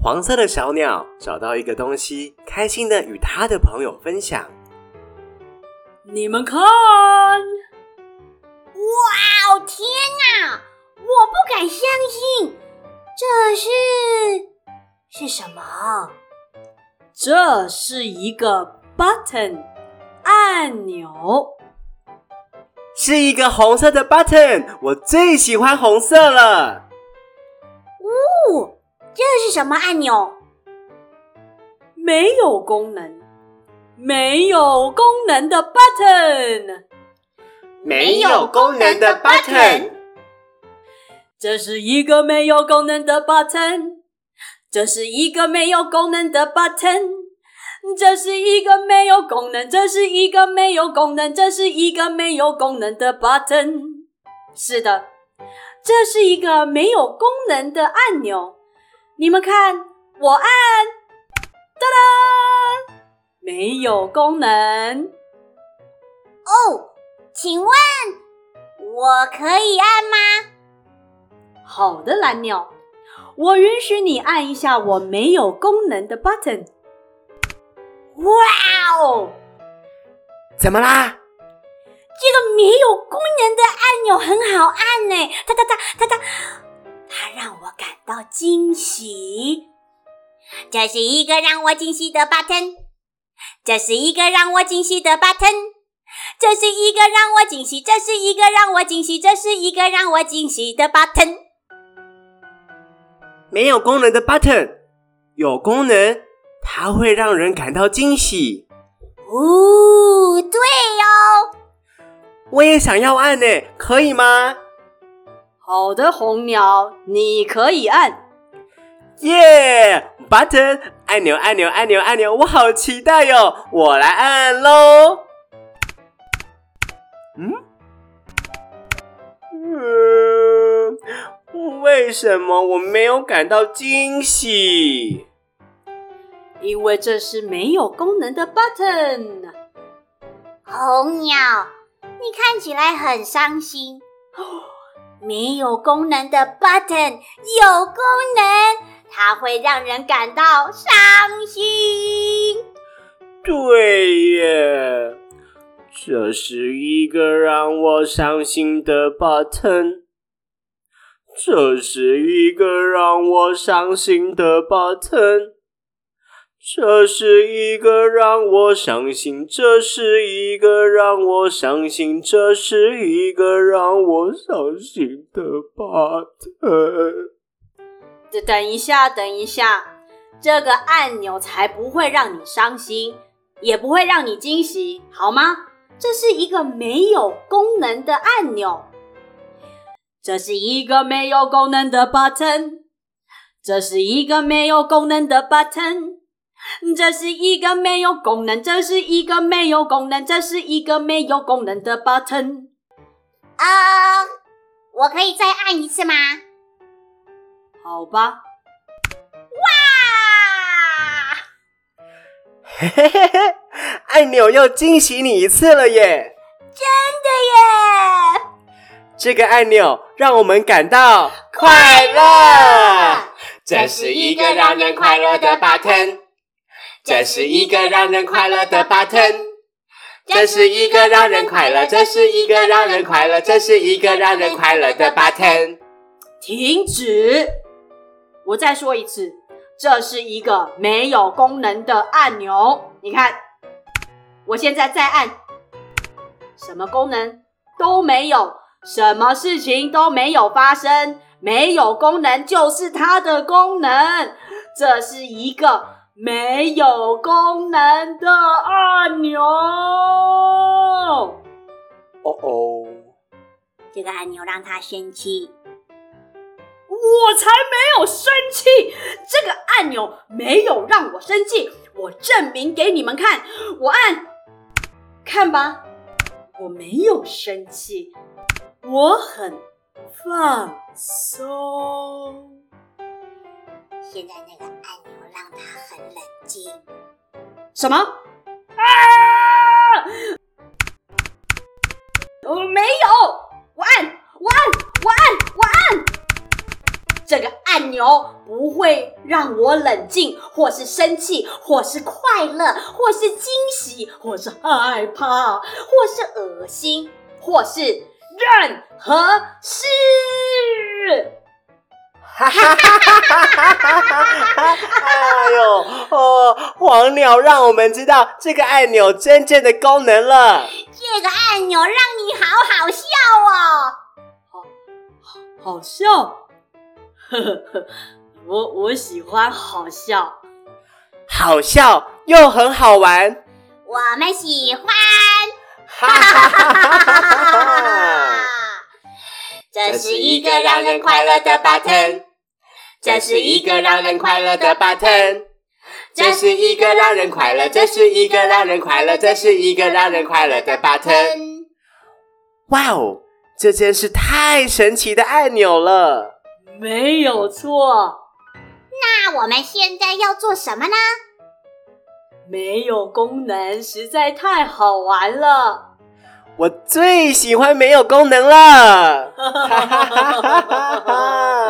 黃色的小鳥找到一個東西，開心地與它的朋友分享。你們看，哇，天哪、啊，我不敢相信，這是是什麼？這是一個 button 按鈕，是一個紅色的 button，我最喜歡紅色了。嗚、哦。這是什麼按鈕？沒有功能，沒有功能的 button，沒有功能的 button，這是一個沒有功能的 button，這是一個沒有功能的 button，這是一個沒有功能，這是一個沒有功能，這是一個沒有功能，這是一個沒有功能的 button。是的，這是一個沒有功能的按鈕。你們看，我按，噔噔，沒有功能哦。Oh, 請問，我可以按嗎？好的，藍鳥，我允許你按一下我沒有功能的 button。哇哦，怎麼啦？這個沒有功能的按鈕很好按呢、欸。噠噠噠噠噠。它讓我感到驚喜，這是一個讓我驚喜的 button，這是一個讓我驚喜的 button，這是一個讓我驚喜，這是一個讓我驚喜，這是一個讓我驚喜，這是一個讓我驚喜的 button。沒有功能的 button，有功能，它會讓人感到驚喜。哦，對哦，我也想要按呢，可以嗎？好的，紅鳥，你可以按，耶，button，按鈕，按鈕，按鈕，按鈕，我好期待喲，我來按嘍。嗯，嗯，為什麼我沒有感到驚喜？因為這是沒有功能的 button。紅鳥，你看起來很傷心。沒有功能的 button，有功能，它會讓人感到傷心。對耶，這是一個讓我傷心的 button，這是一個讓我傷心的 button。這是一個讓我傷心，這是一個讓我傷心，這是一個讓我傷心的 button。等一下，等一下，這個按鈕才不會讓你傷心，也不會讓你驚喜，好嗎？這是一個沒有功能的按鈕，這是一個沒有功能的 button，這是一個沒有功能的 button。這是一個沒有功能，這是一個沒有功能，這是一個沒有功能的 button 啊！Uh, 我可以再按一次嗎？好吧。哇！嘿嘿嘿嘿，按鈕又驚喜你一次了耶！真的耶！這個按鈕讓我們感到快樂。這是一個讓人快樂的 button。這是一個讓人快樂的 button，這是一個讓人快樂。這是一個讓人快樂，這是一個讓人快樂，這是一個讓人快樂的 button。停止！我再說一次，這是一個沒有功能的按鈕。你看，我現在在按，什麼功能都沒有，什麼事情都沒有發生，沒有功能就是它的功能。這是一個。沒有功能的按鈕。哦哦，這個按鈕讓他生氣。我才沒有生氣，這個按鈕沒有讓我生氣。我證明給你們看，我按，看吧，我沒有生氣，我很放鬆。現在那個按鈕讓他很冷靜。什麼？啊！我、呃、沒有，我按，我按，我按，我按。這個按鈕不會讓我冷靜，或是生氣，或是快樂，或是驚喜，或是害怕，或是噁心，或是任何事。哈，哈哈哈哈哈！哈，哎呦哦，黃鳥讓我們知道這個按鈕真正的功能了。這個按鈕讓你好好笑哦，好，好，好笑，呵呵呵，我我喜歡好笑，好笑又很好玩，我們喜歡，哈哈哈哈哈哈！這是一個讓人快樂的 button。這是一個讓人快樂的 button，這是一個讓人快樂，這是一個讓人快樂，這是一個讓人快樂，這是一個讓人快樂的 button。哇哦，這真是太神奇的按鈕了！沒有錯。那我們現在要做什麼呢？沒有功能，實在太好玩了。我最喜歡沒有功能了。哈哈哈哈哈哈！